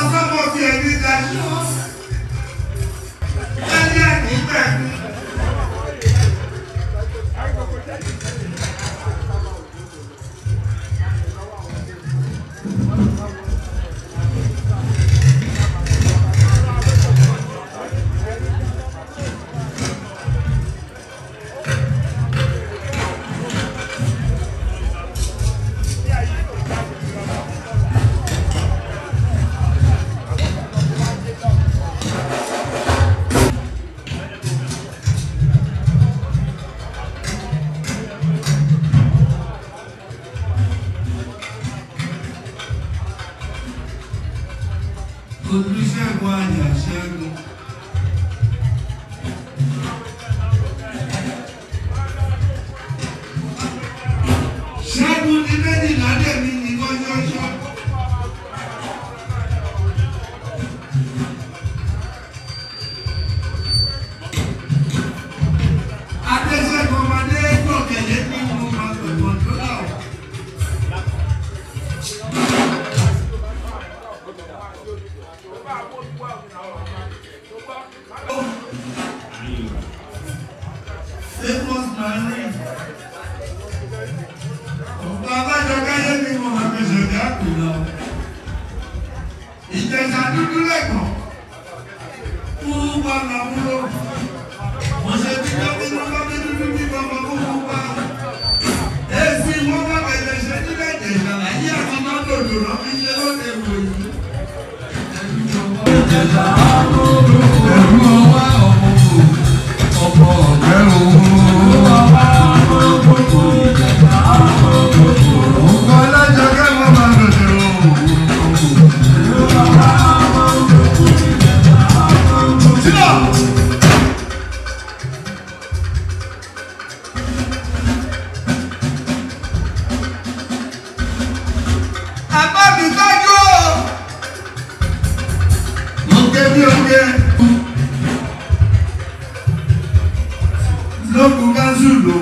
transform us to a new logo zulu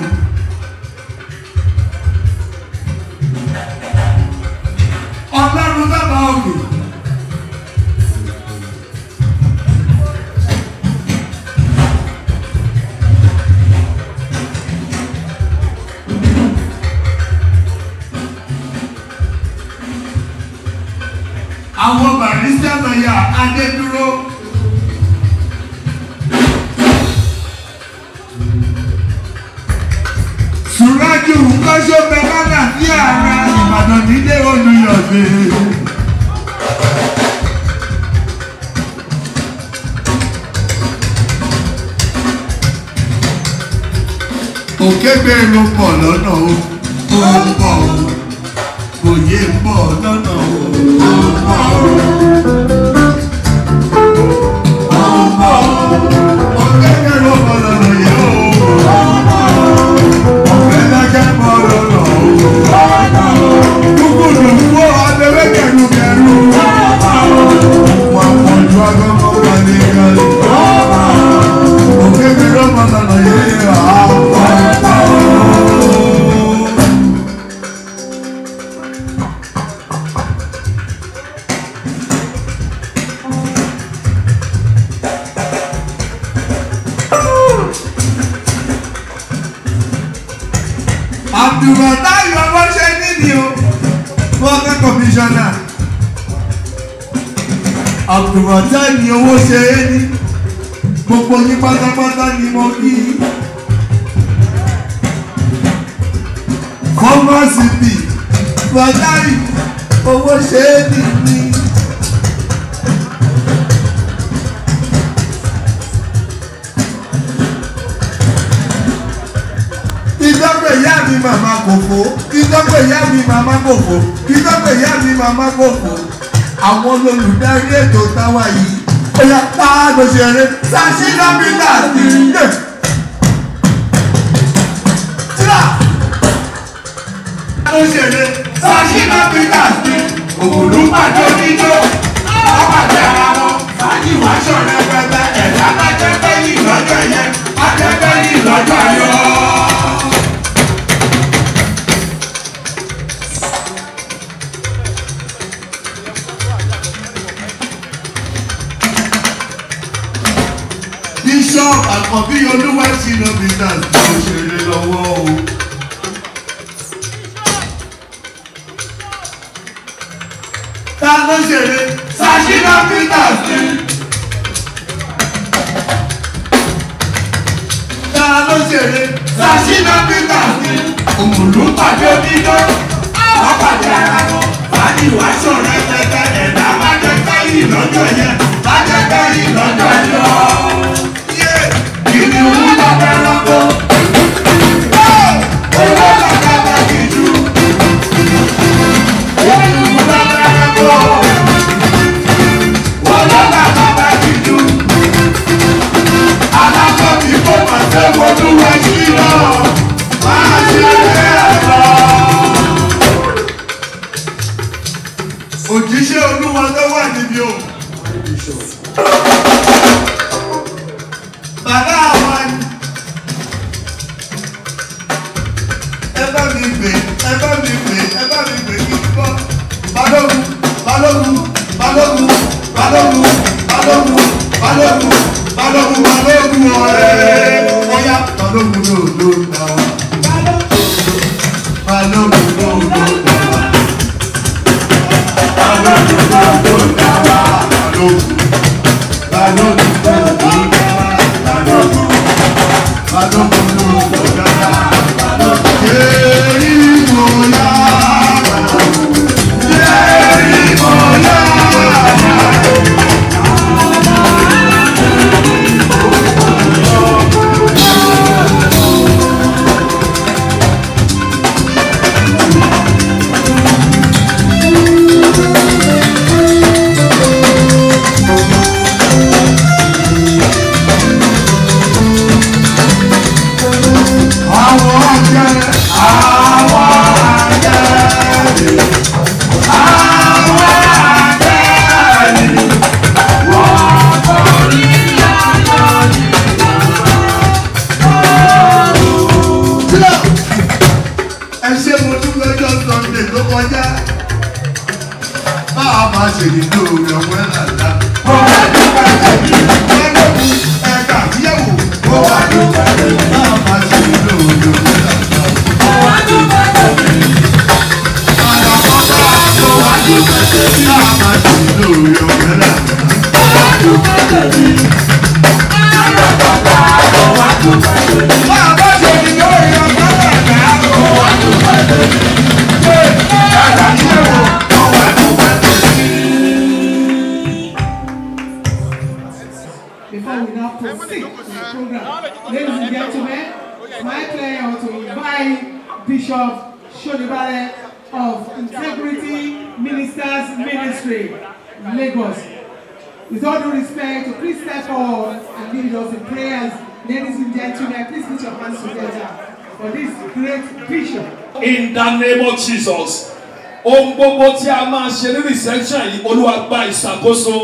in the name of Jesus ohun gbogbo tí a máa ṣe ní reception yìí olúwa gba ìṣàkóso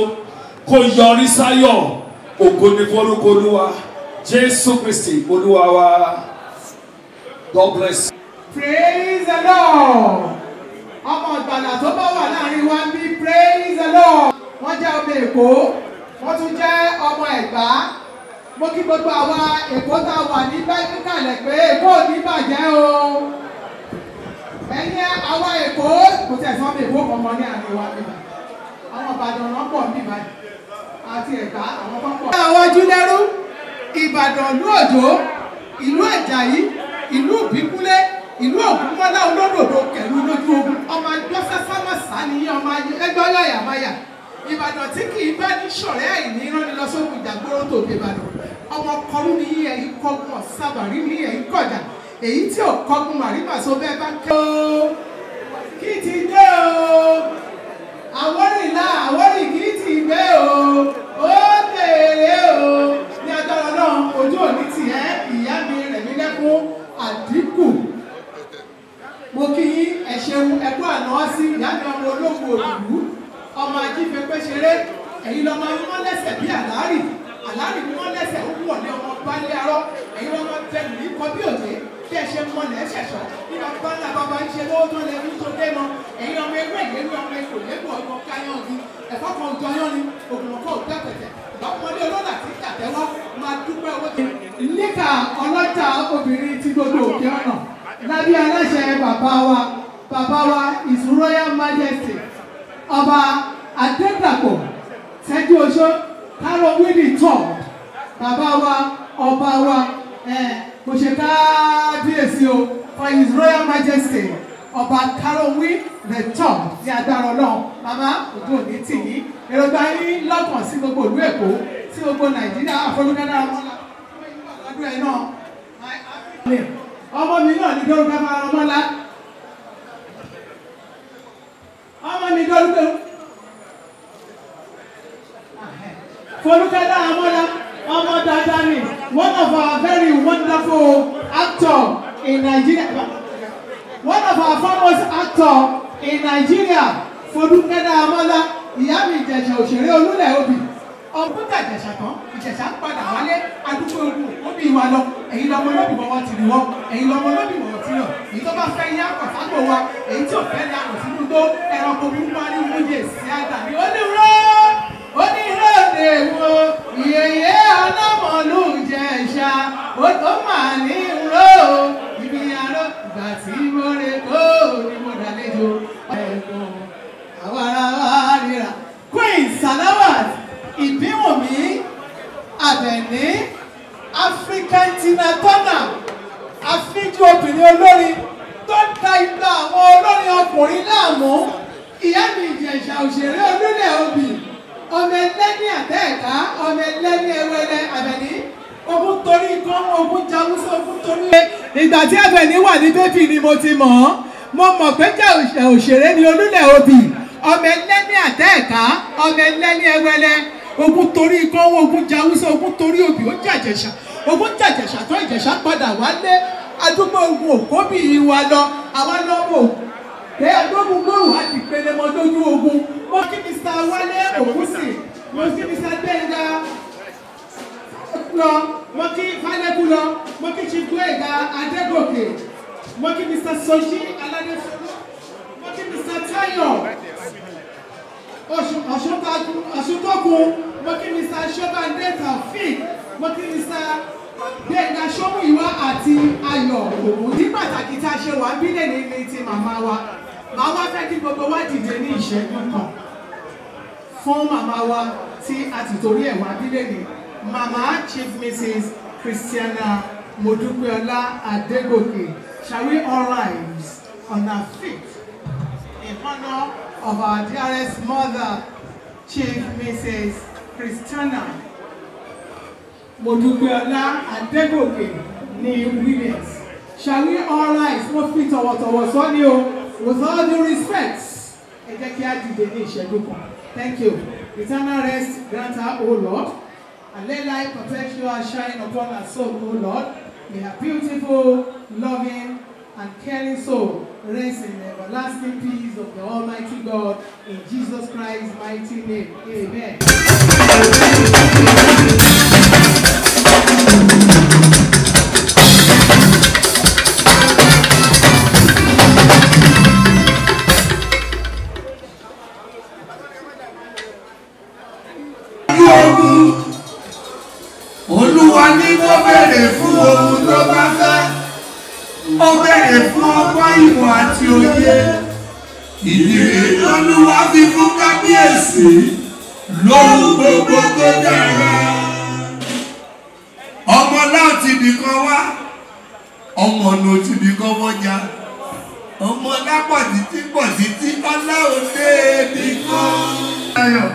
kó yọrí sáyọ̀ ògo ni forúkọ olúwa jésù kristi olúwa wa god bless. praise the lord ọmọ ìgbàlà tó bá wà láàrin wa ń bí praise the lord wọ́n jẹ́ ọmọ èkó wọ́n tún jẹ́ ọmọ ẹ̀gbá mo kí gbogbo àwa èkó tá a wà ní bẹ́ẹ̀ níkàlẹ̀ pé èkó ò ní bàjẹ́ o ẹ̀yin àwa èkó kò tẹ̀ sọ́mọ èkó ọmọ ní àná wa bíbá àwọn ìbàdàn náà pọ̀ bíbá àti ẹ̀gbá àwọn kan pọ̀. àwọn ojúlẹ́rú ìbàdàn ìlú òjò ìlú àjàyí ìlú ìbíkúlé ìlú ògúnmọ́lá olódòdó kẹ̀lú lójú ogun ọmọ agbọ́sásámọ́sá ni ọmọ ẹgbẹ́ ọlọ́yà máyà ìbàdàn tí kì í bá ní ṣọ̀rẹ́ àìní rán ni lọ sókun ìjàgbóró tòde ìbàdàn ọmọ kọrú ni yíyẹ ikọ̀ ọ̀sàbàrí ni yíyẹ ikọ̀ ọ̀dà èyí tí ò kọ́gun màrímàsó bẹ́ẹ̀ bá kẹ́ ọ́ kí ti dé o àwọ̀rìnlá àwọ̀rìn kì í ti gbé o ó béèrè o ní agbára náà ojú òní tì ẹ́ ìyá mi rẹ̀ mí lẹ́kún àdínkù mo kí yín ẹ ṣeun ẹkú àná sí ìyá mi ọmọ ológun òdùdú ọmọ ajífẹ́ pé ṣeré ẹ̀yin lọ́mọ yín wọ́n lẹ́sẹ̀ bí àlárì àlárì ni wọ́n lẹ́sẹ̀ ó wọ̀ ní ọmọ balẹ̀ arọ́ ẹ̀yin lọ́mọ tẹ̀lé kọ bí òjé bí ẹ ṣe mọ lẹ ṣẹṣọ nígbà tí bàbá bàbá ń ṣe lọ́wọ́ tó lẹ tó dé mọ ẹ̀yin ọmọ ewé ìlérí ọmọ èkó lẹkọọ ọgbọ́n káyọ ni ẹ̀fọ́ kan jọ yán ni ògùnmọkọ òjá tẹtẹ ìbámọlé ọlọ́dà tí tàtẹ́wọ́ máa dúpẹ́ owó tó. níkà ọlọ́jà obìnrin ti gbogbo òkè ọ̀nà lábẹ́ aláṣẹ bàbá wa bàbá wa His Royal Majesty ọba adédàpọ̀ sẹ́jú oṣó kárọ̀ wíìlì tọ̀ bàbá wa ọba wa mo ṣe for his royal majesty ọba karowin the top ní agbára ọlọ́run Mama, òjò òní tì yín èrògbà yín lọ́kàn sí gbogbo ìlú èkó sí gbogbo nàìjíríà àfọlùkẹ́dá ọmọlá ọmọ mi náà ní dórúkọ máa rán mọ́lá ọmọ mi dórúkọ Fọlúkẹ́dá ọmọlá. Omo Dadani, one of our very wonderful actor in Nigeria, one of our famous actor in Nigeria, Fodúnkẹ́ Amala, ìyá mi Ìjẹ̀ṣà òṣèré olúlẹ̀ obì. Ọ̀pútà Ìjẹ̀ṣà tán, Ìjẹ̀ṣà ń padà wálé, adúgbò olú, ó bí wa lọ, ẹ̀yin lọmọ lọ́bìbọ̀ wọn ti rí wọ́n, ẹ̀yin lọmọ lọ́bìbọ̀ wọn ti yàn, èyí tó bá fẹ́ yá kọ̀ wa, èyí tí ò fẹ́ yá kọ̀ tó, ẹranko búburú máa ń mú yè sí àgbà ní onírúurú, onírúurú lóde wo ìyẹyẹ ọlọ́mọlú jẹ̀ṣà ó African Tina Turner àfíjú obìnrin olórin tó ń da ipa àwọn olórin ọkùnrin láàmú ìyá mi Ìjẹ̀ṣà òṣèré olúlẹ̀ obì ọmọ ẹlẹ́ni àtẹ́ẹ̀dá ọmọ ẹlẹ́ni ẹwẹ́rẹ́ àbẹ̀ní ogun torí kan ogun jagunṣe ogun torí. ìgbà tí àbẹ̀ní wà ní bébì ni mo ti mọ̀ ọ́ mo mọ̀ pé jẹ́ òṣèré ni olúlẹ̀ obì ọmọ ẹlẹ́ni àtẹ́ẹ̀ká ọmọ ẹlẹ́ni ẹwẹ́rẹ́ ogun torí kan ogun jagunṣe ogun torí obì ó jàjẹ̀ṣà ogun jàjẹ̀ṣà tó ìjẹ̀ṣà padà wálé adúgbò ogun òkóbì wa lọ àwa lọ́wọ́ pé adógun gbòòrò àti ìpele mọ́ lójú ogun mo kí Mr. Wálé Ògúnsì mo kí Mr. Gbẹ́ngà lọ mo kí Fálẹ́kù lọ mo kí Chigbóyèga Adégòkè mo kí Mr. Sojí Aládéṣolú mo kí Mr. Táyọ̀ Ọ̀ṣuntókun mo kí Mr. Ṣọ́bàndé Taofik mo kí Mr. Gbẹ̀ngà Ṣómùyíwá àti Ayọ̀ Ògúndí pàtàkì tá a ṣe wà bílẹ̀ ní ti màmá wa àwa fẹ́ kí gbogbo wa dìde ní ìṣẹ́jú kan fún màmá wa tí a ti torí ẹ̀ wá dílé ní màmá Chief Mrs. Christiana Modupeola Adegoke shall we all rise on our feet in honour of our dearest mother Chief Mrs. Christiana Modupeola Adegoke ní Williams shall we all rise wọ́n fi tọ̀wọ̀tọ̀wọ̀ sọ́ ni o. with all due respect ẹ jẹ́ kí thank you eternal rest grant her o lord and let light protect you and shine upon her soul o lord may her beautiful loving and caring soul rest in the everlasting peace of the almighty god in jesus christ's mighty name amen. obere fún ohun tó bá fẹ́ obere fún ọgbọ́n ìmọ̀ àti òye ìdílé olúwa fi fún kábíyèsí lóhun gbogbo tó dára ọmọ láti ibìkan wá ọmọ ọ̀nà òtí ibìkan wọ́jà ọmọ lápọ̀ títí pọ̀ ọlá òde ibìkan.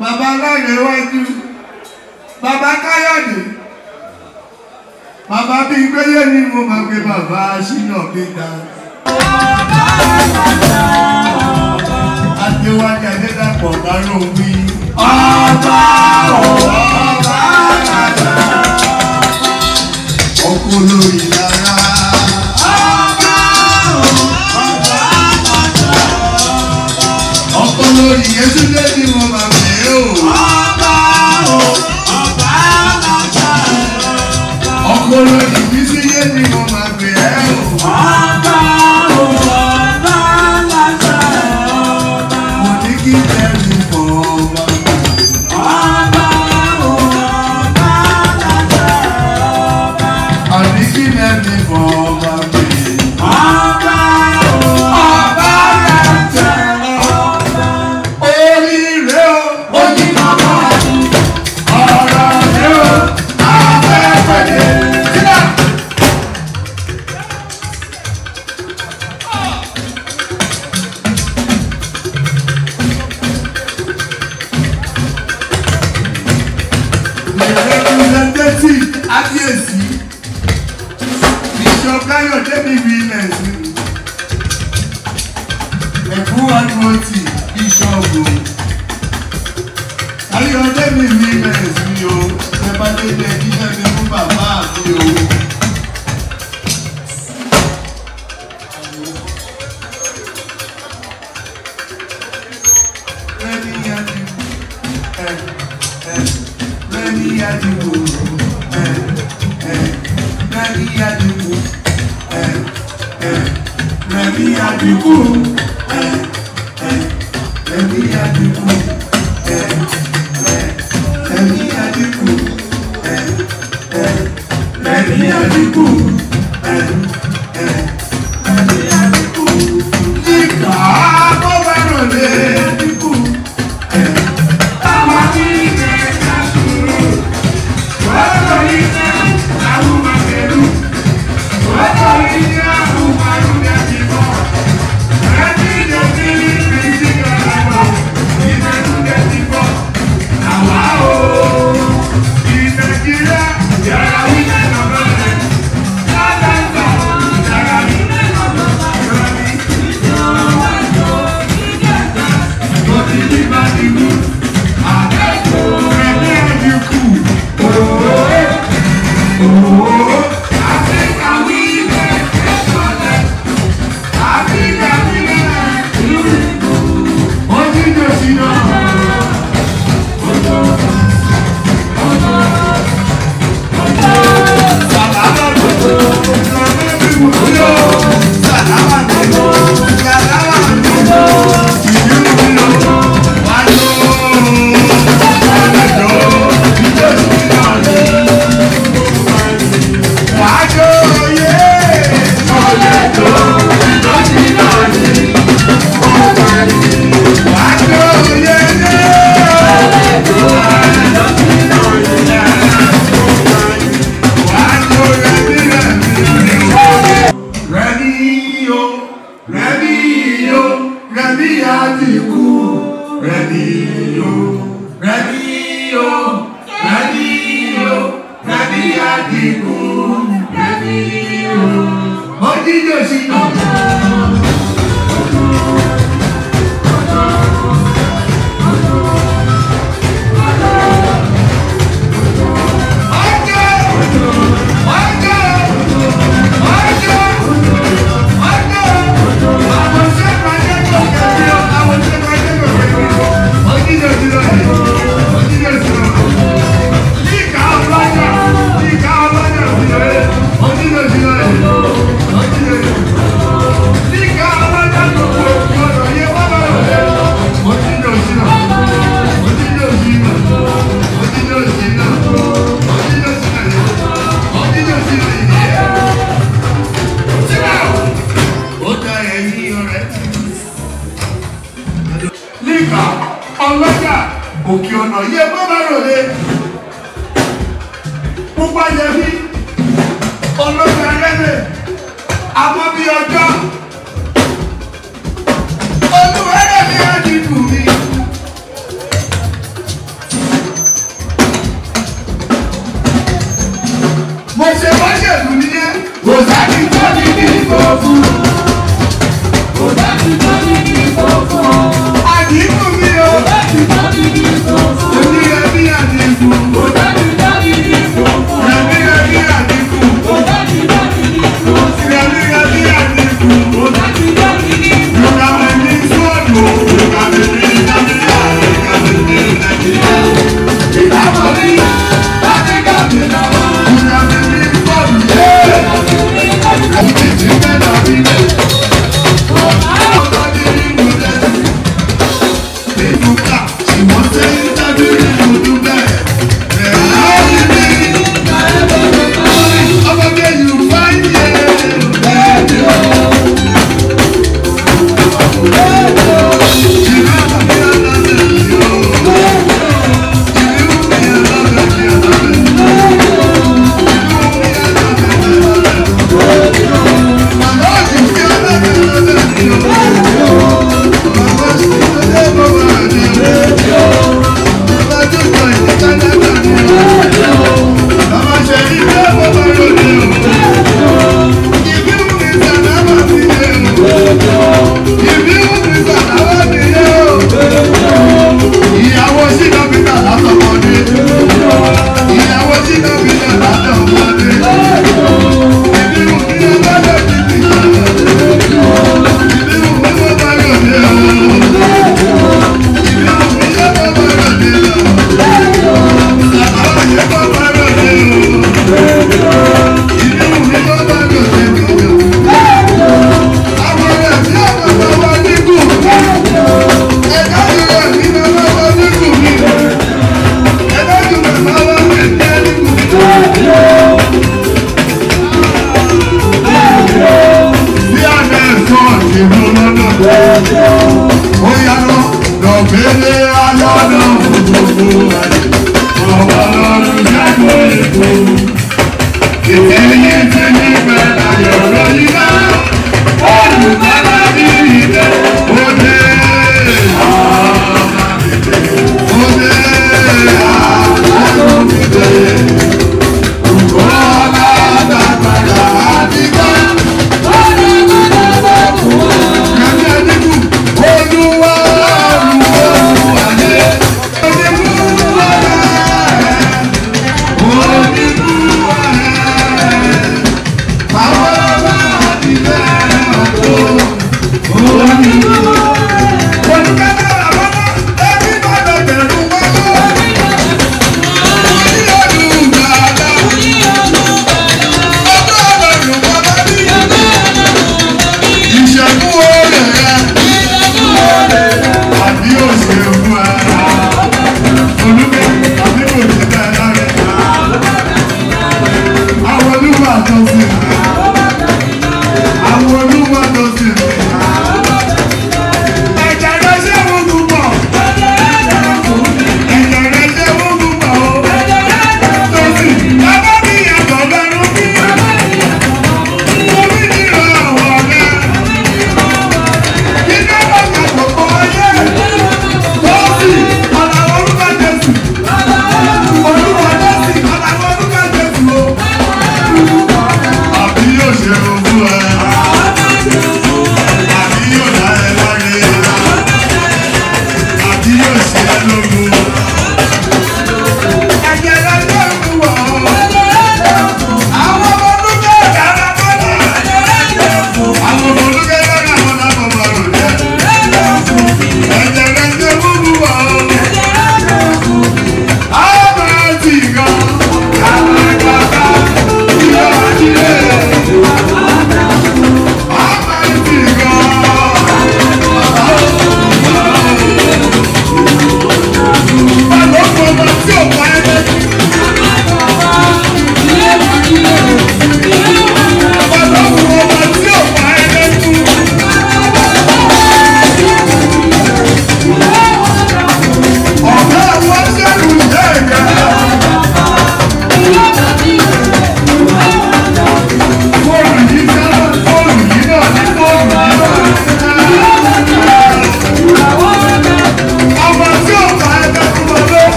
bàbá aláìlẹ́wájú bàbá káyọ̀dé. bàbá bíi péye ni mo máa pe bàbá ṣínà péta. adéwájú adédàpọ̀ bá rò wí. ọba ò ọba àgbà ọkọ lórí lára. ọba ò ọba àgbà ọkọ lórí yẹn tún lé ní mo máa. already.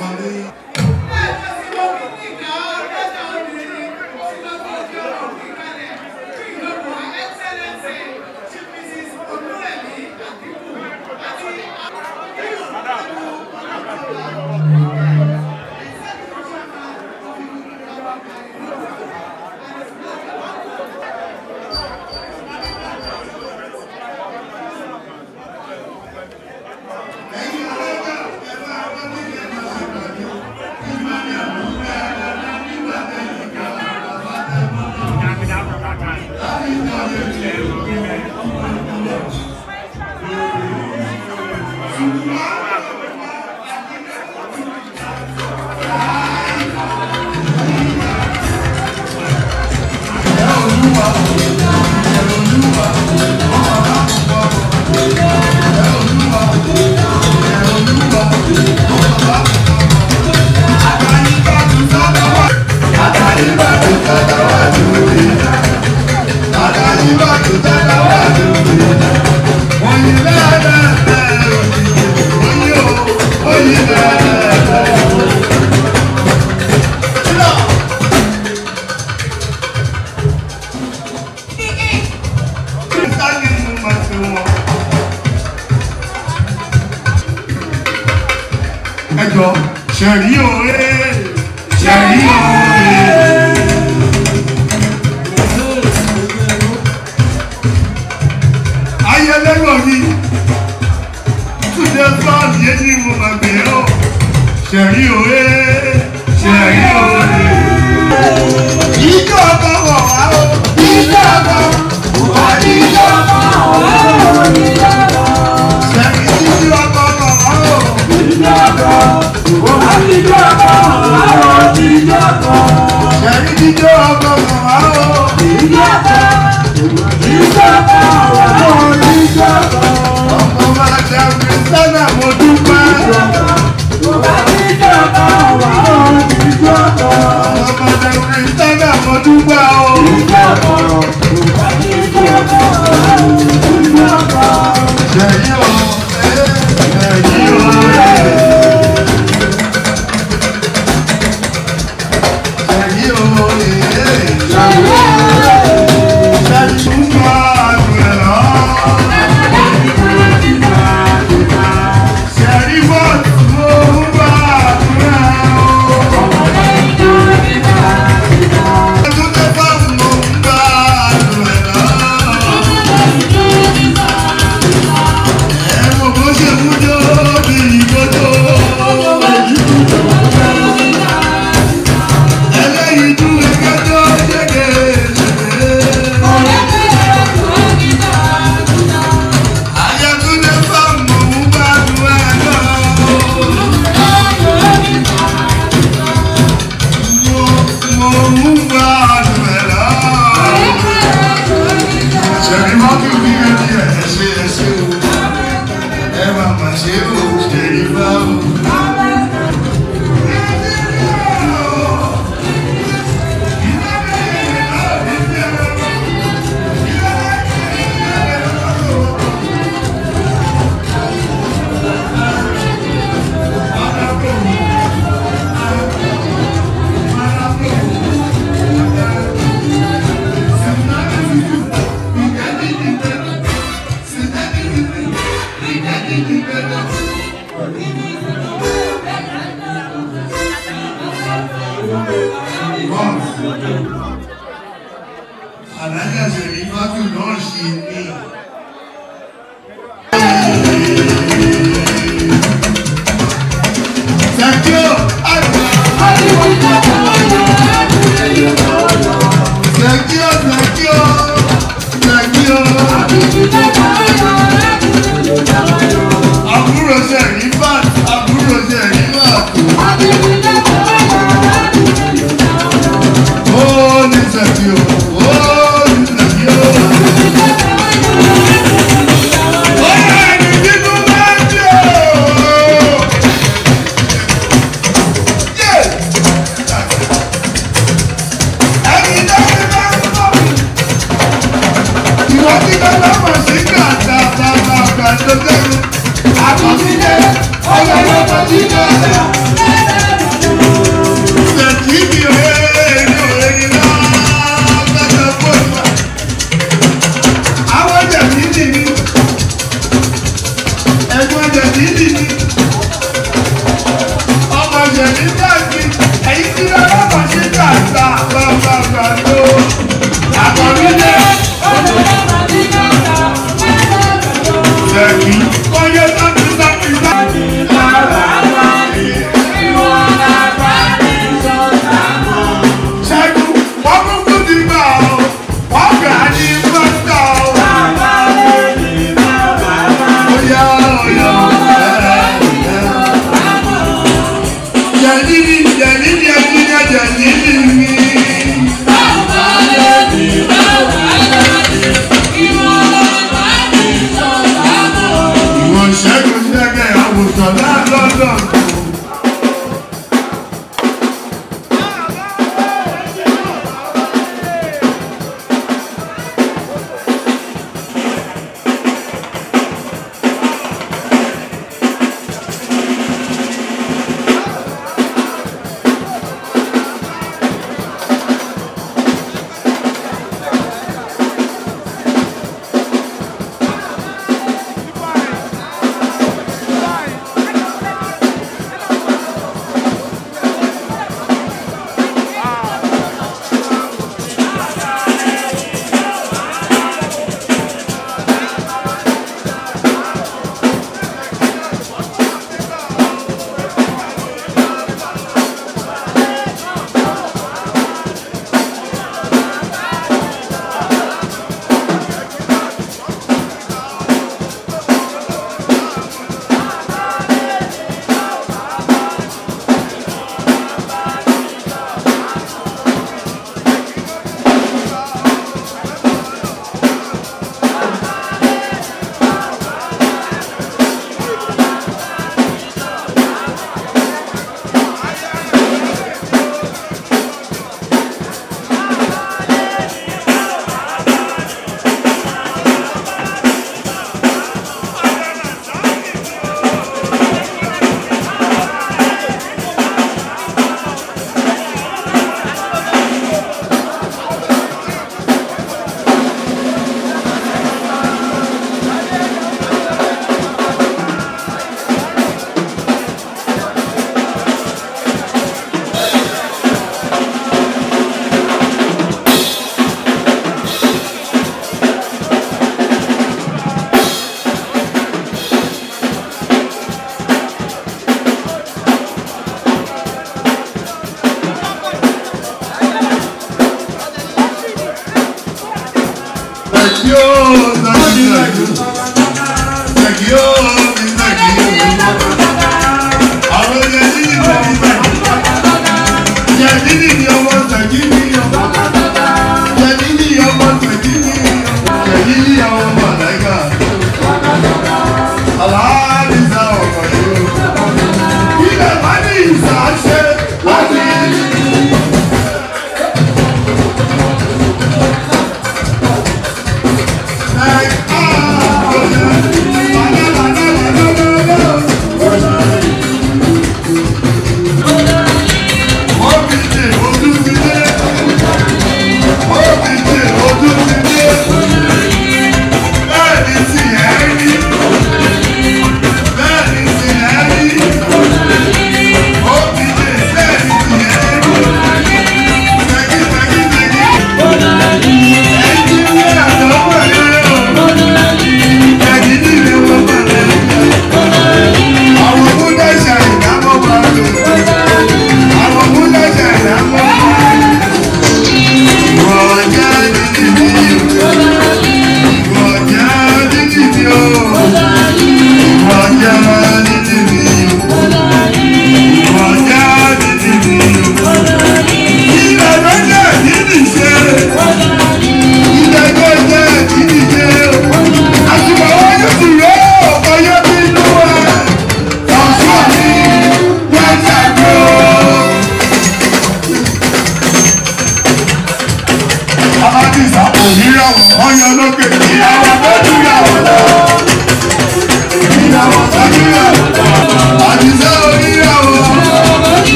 famille.